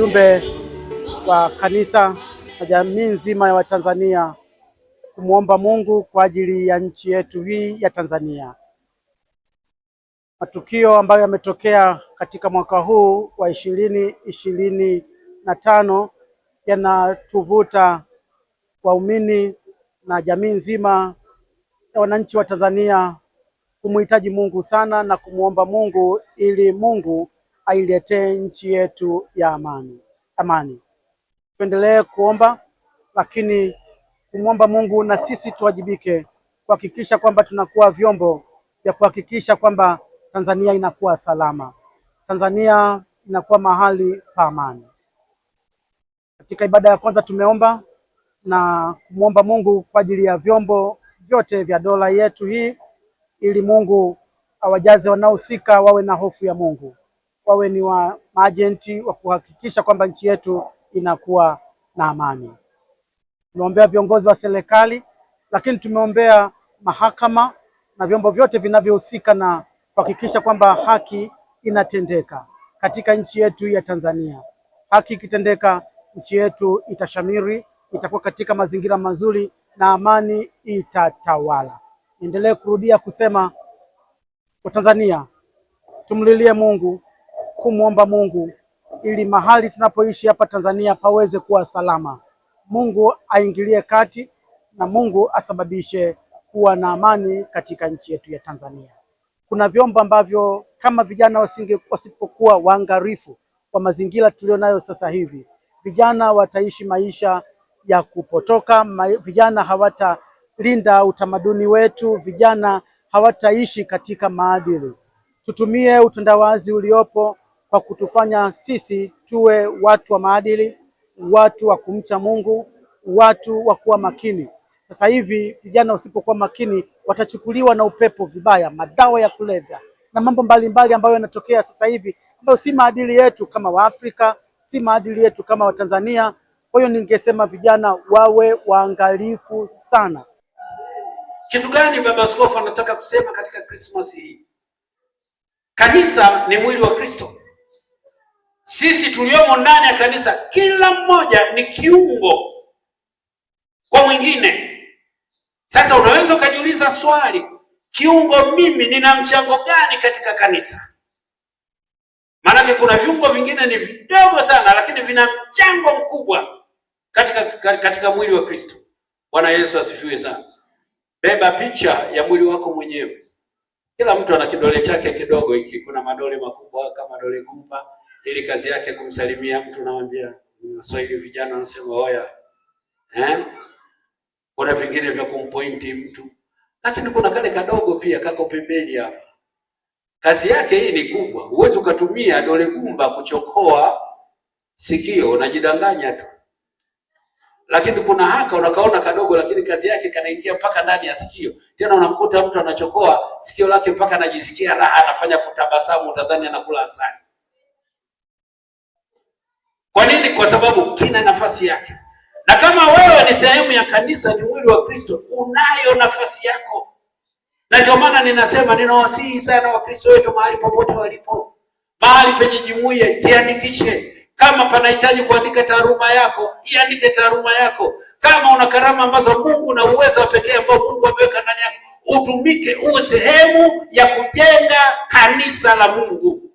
ujumbe wa kanisa na jamii nzima ya Watanzania kumwomba Mungu kwa ajili ya nchi yetu hii ya Tanzania. Matukio ambayo yametokea katika mwaka huu wa ishirini ishirini na tano yanatuvuta waumini na jamii nzima ya wananchi wa Tanzania kumhitaji Mungu sana na kumwomba Mungu ili Mungu ailetee nchi yetu ya amani, amani. Tuendelee kuomba lakini kumwomba Mungu na sisi tuwajibike kuhakikisha kwamba tunakuwa vyombo vya kuhakikisha kwamba Tanzania inakuwa salama, Tanzania inakuwa mahali pa amani. Katika ibada ya kwanza tumeomba na kumwomba Mungu kwa ajili ya vyombo vyote vya dola yetu hii, ili Mungu awajaze wanaohusika wawe na hofu ya Mungu wawe ni wa maajenti wa kuhakikisha kwamba nchi yetu inakuwa na amani. Tumeombea viongozi wa serikali, lakini tumeombea mahakama na vyombo vyote vinavyohusika na kuhakikisha kwamba haki inatendeka katika nchi yetu ya Tanzania. Haki ikitendeka, nchi yetu itashamiri, itakuwa katika mazingira mazuri na amani itatawala. Niendelee kurudia kusema, Watanzania tumlilie Mungu kumwomba Mungu ili mahali tunapoishi hapa Tanzania paweze kuwa salama. Mungu aingilie kati na Mungu asababishe kuwa na amani katika nchi yetu ya Tanzania. Kuna vyombo ambavyo kama vijana wasinge wasipokuwa waangalifu kwa mazingira tulionayo sasa hivi, vijana wataishi maisha ya kupotoka ma, vijana hawatalinda utamaduni wetu, vijana hawataishi katika maadili. Tutumie utandawazi uliopo kwa kutufanya sisi tuwe watu wa maadili, watu wa kumcha Mungu, watu wa kuwa makini. Sasa hivi vijana wasipokuwa makini, watachukuliwa na upepo vibaya, madawa ya kulevya na mambo mbalimbali ambayo yanatokea sasa hivi ambayo si maadili yetu kama Waafrika, si maadili yetu kama Watanzania. Kwa hiyo ningesema vijana wawe waangalifu sana. Kitu gani baba askofu anataka kusema katika Krismasi hii? Kanisa ni mwili wa Kristo. Sisi tuliomo ndani ya kanisa, kila mmoja ni kiungo kwa mwingine. Sasa unaweza ukajiuliza swali, kiungo mimi nina mchango gani katika kanisa? Maanake kuna viungo vingine ni vidogo sana, lakini vina mchango mkubwa katika, katika mwili wa Kristo. Bwana Yesu asifiwe sana. Beba picha ya mwili wako mwenyewe. Kila mtu ana kidole chake kidogo, hiki kuna madole makubwa kama dole gumba ili kazi yake kumsalimia mtu, naambia Waswahili vijana wanasema hoya, eh, kuna vingine vya kumpointi mtu, lakini kuna kale kadogo pia kako pembeni hapa. Kazi yake hii ni kubwa, huwezi ukatumia dole gumba kuchokoa sikio, unajidanganya tu. Lakini kuna haka unakaona kadogo, lakini kazi yake kanaingia mpaka ndani ya sikio. Tena unamkuta mtu anachokoa sikio lake mpaka anajisikia raha, anafanya kutabasamu, utadhani anakula asali. Kwa nini? Kwa sababu kina nafasi yake, na kama wewe ni sehemu ya kanisa, ni mwili wa Kristo, unayo nafasi yako. Na ndio maana ninasema, ninawasihi sana Wakristo wetu mahali popote walipo, mahali penye jumuiya, jiandikishe. Kama panahitaji kuandika taaruma yako, iandike taaruma yako. Kama una karama ambazo Mungu na uwezo wa pekee ambao Mungu ameweka ndani yako, utumike, uwe sehemu ya kujenga kanisa la Mungu.